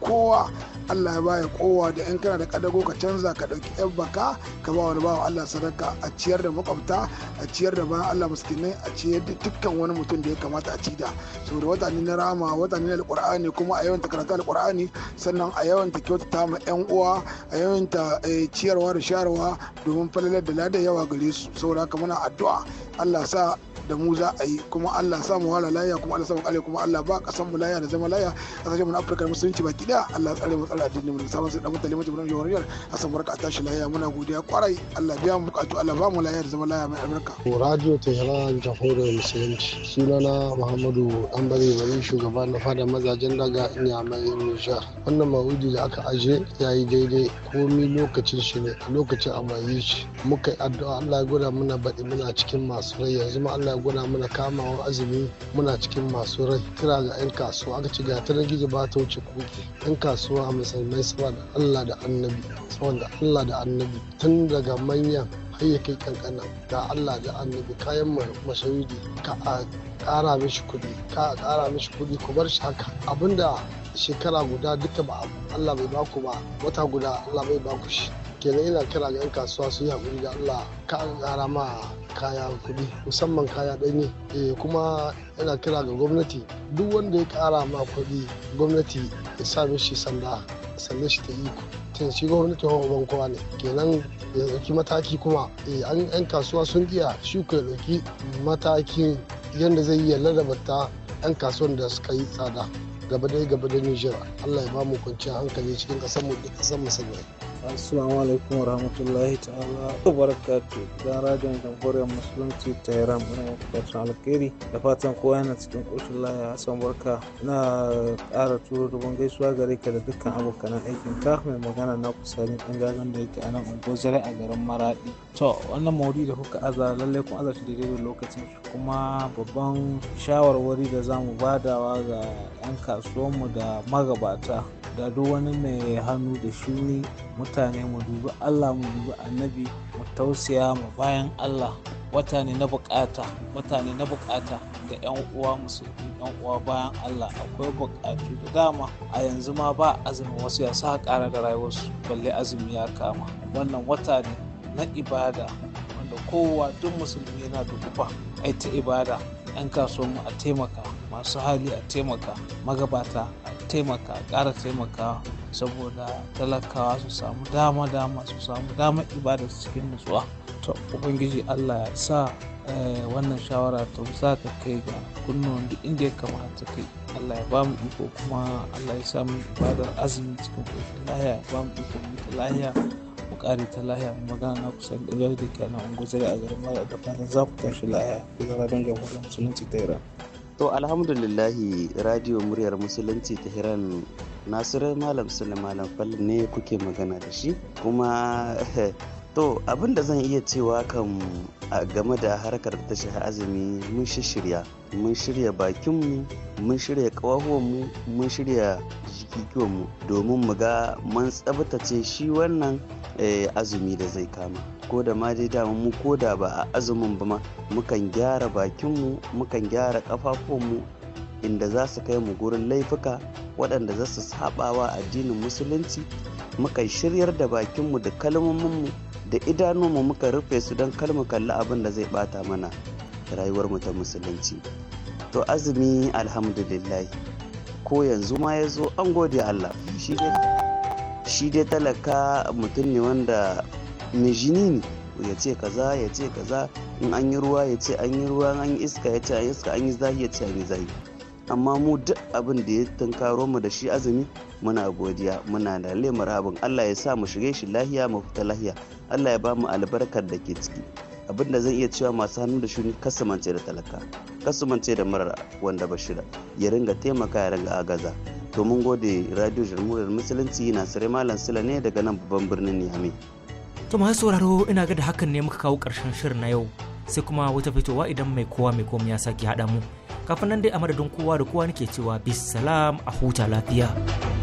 kowa allah ya baya kowa da 'yan kana da kadago ka canza ka ɗauki 'yan baka ka ba wani bawa allah sadaka a ciyar da makwabta a ciyar da bayan allah miskinai a ciyar da dukkan wani mutum da ya kamata a cida saboda wata ne na rama wata na alƙur'ani kuma a yawanta karanta alƙur'ani sannan a yawanta kyautata ma 'yan uwa a yawanta eh, ciyarwa da sharwa domin falalar da lada yawa gare su saboda haka muna addu'a allah sa da mu za a yi kuma Allah sa mu wala laya kuma Allah sa mu kare kuma Allah ba kasan mu laya da zama laya kasashen mu na Afirka musulunci baki daya Allah tsare mu tsare addinin mu da sabon sai da mutane mu jibran jawariyar asan barka a tashi laya muna godiya kwarai Allah biya mu bukatu Allah ba mu laya da zama laya mai albarka radio Tehran jamhuriyar musulunci sunana Muhammadu Ambare bari shugaba na fada mazajen daga inya mai Nijar wannan mawudi da aka aje yayi daidai komi lokacin shi ne lokacin a mai shi muka yi addu'a Allah ya gura muna baɗi muna cikin masu rai yanzu ma Allah muna mana wa azumi muna cikin masu rai kira ga 'yan kasuwa aka ci gata na gizo ba ta wuce kuki 'yan kasuwa a musulmai saboda allah da annabi saboda allah da annabi tun daga manyan har kai kankana ga allah da annabi kayan masharidi ka a ƙara mishi kuɗi ka a kara mishi kuɗi ku bar shi haka abinda shekara guda duka ba Allah bai baku ba wata guda Allah bai baku shi kenan ina kira ga 'yan kasuwa su yi haƙuri da allah ka an ƙara ma kaya kuɗi musamman kaya ɗanye eh kuma ina kira ga gwamnati duk wanda ya ƙara ma kuɗi gwamnati ya sa shi sanda sanda shi ta iko tun shi gwamnati wa ban kowa ne kenan ya ɗauki mataki kuma eh, an 'yan kasuwa sun iya shi ku ya ɗauki matakin yadda zai iya ladabata 'yan kasuwan da suka yi tsada gaba dai gaba da Nijar Allah ya ba mu kwanciyar hankali cikin ƙasar mu da ƙasar mu Assalamu alaikum wa rahmatullahi ta'ala wa barakatu dan radiyon jamhuriyar musulunci ta na muna fatan alkhairi da fatan kowa yana cikin koshin laya san barka na ƙara turo bangai gaisuwa gare ka da dukkan abokanan aikin ka mai magana na kusa ne da yake a nan unguwar a garin maraɗi. to wannan maudu da kuka aza lallai kun aza shi daidai da lokacin kuma babban shawarwari da za mu badawa ga 'yan mu da magabata da duk wani mai hannu da shuni mutane mu dubi allah mu dubi annabi mu tausaya mu bayan allah wata ne na bukata wata ne na bukata ga 'yan uwa musu 'yan uwa bayan allah akwai bukatu da dama a yanzu ma ba azumin wasu ya sa kara da rayuwarsu balle azumi ya kama wannan wata ne na ibada wanda kowa duk musulmi yana da kufa ai ta ibada 'yan mu a taimaka masu hali a taimaka magabata a taimaka ƙara taimaka saboda talakawa su samu dama dama su samu dama ibada cikin nutsuwa to ubangiji allah ya sa eh, wannan shawara ta za ta kai ga kunnuwan duk inda ya kamata kai allah ya bamu iko kuma allah ya samu ibadar azumi cikin lahiya ya bamu iko lahiya kare ta lahiya magana kusan da yau da kenan unguzari a garin mara da fatan za ku tashi lahiya ku zama don da musulunci ta hira. To alhamdulillahi radio muryar musulunci ta hiran nasirar malam sulaiman malam fal ne kuke magana da shi kuma To abin da zan iya cewa kan game da harkar ta azumi mun shirya mun shirya bakinmu mun shirya ƙawahuwanmu mun shirya jikikiwanmu domin mu ga mun tsabtace shi wannan eh, azumi da zai kama ko da ma dai dama mu ko da ba a azumin ba ma mukan gyara bakinmu mukan gyara mu inda za su kai mu gurin laifuka waɗanda za su saɓawa addinin musulunci mukan shiryar da bakinmu da kalmominmu da idanunmu muka rufe su don kalmu kalli abin da zai bata mana rayuwar mu ta musulunci to azumi alhamdulillah ko yanzu ma ya zo an gode allah shi dai talaka mutum ne wanda mijini ne ya ce kaza ya ce kaza in an yi ruwa ya ce an yi ruwa an yi iska ya ce an yi iska an yi zahi ya ce an yi zahi amma mu duk abin da ya tunkaro mu da shi azumi muna godiya muna da lemar abin allah ya sa mu shige shi lahiya mu fita lahiya allah ya ba mu albarkar da ke ciki abin da zan iya cewa masu hannu da shuni kasumance da talaka kasumance da mara wanda bashira ya ringa taimaka ya ringa agaza to mun gode radio jamhuriyar musulunci na sare malam sila ne daga nan babban birnin niamey to masu sauraro ina ga da hakan ne muka kawo karshen shirin na yau sai kuma wata fitowa idan mai kowa mai komai ya sake haɗa mu kafin nan dai a madadin kowa da kowa nake cewa bisalam a huta lafiya.